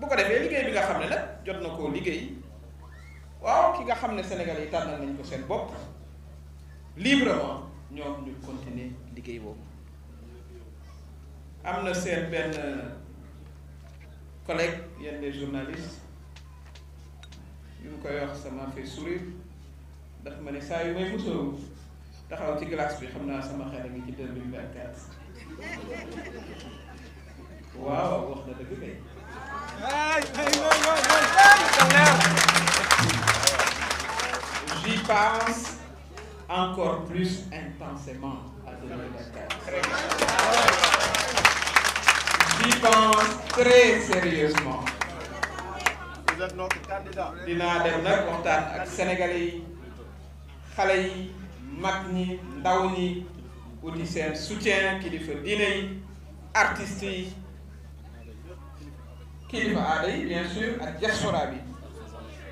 boo ko defee liggéey bi nga xam ne nag jot na koo liggéey waaw ki nga xam ne Sénégal yi tànnal nañ ko seen bopp librement ñoom ñu continuer liggéey boobu am na seen benn collègue yenn des journalistes yu mu koy wax sama fait sourire daf ma ne saa yu may musóoru taxaw ci glace bi xam naa sama xel a ngi ci deux mille vingt pense encore plus intensément à J'y pense très sérieusement. êtes dem candidat. waxtaan ak sénégalais yi xale yi mag ñi ndaw soutien qui artistes bien sûr à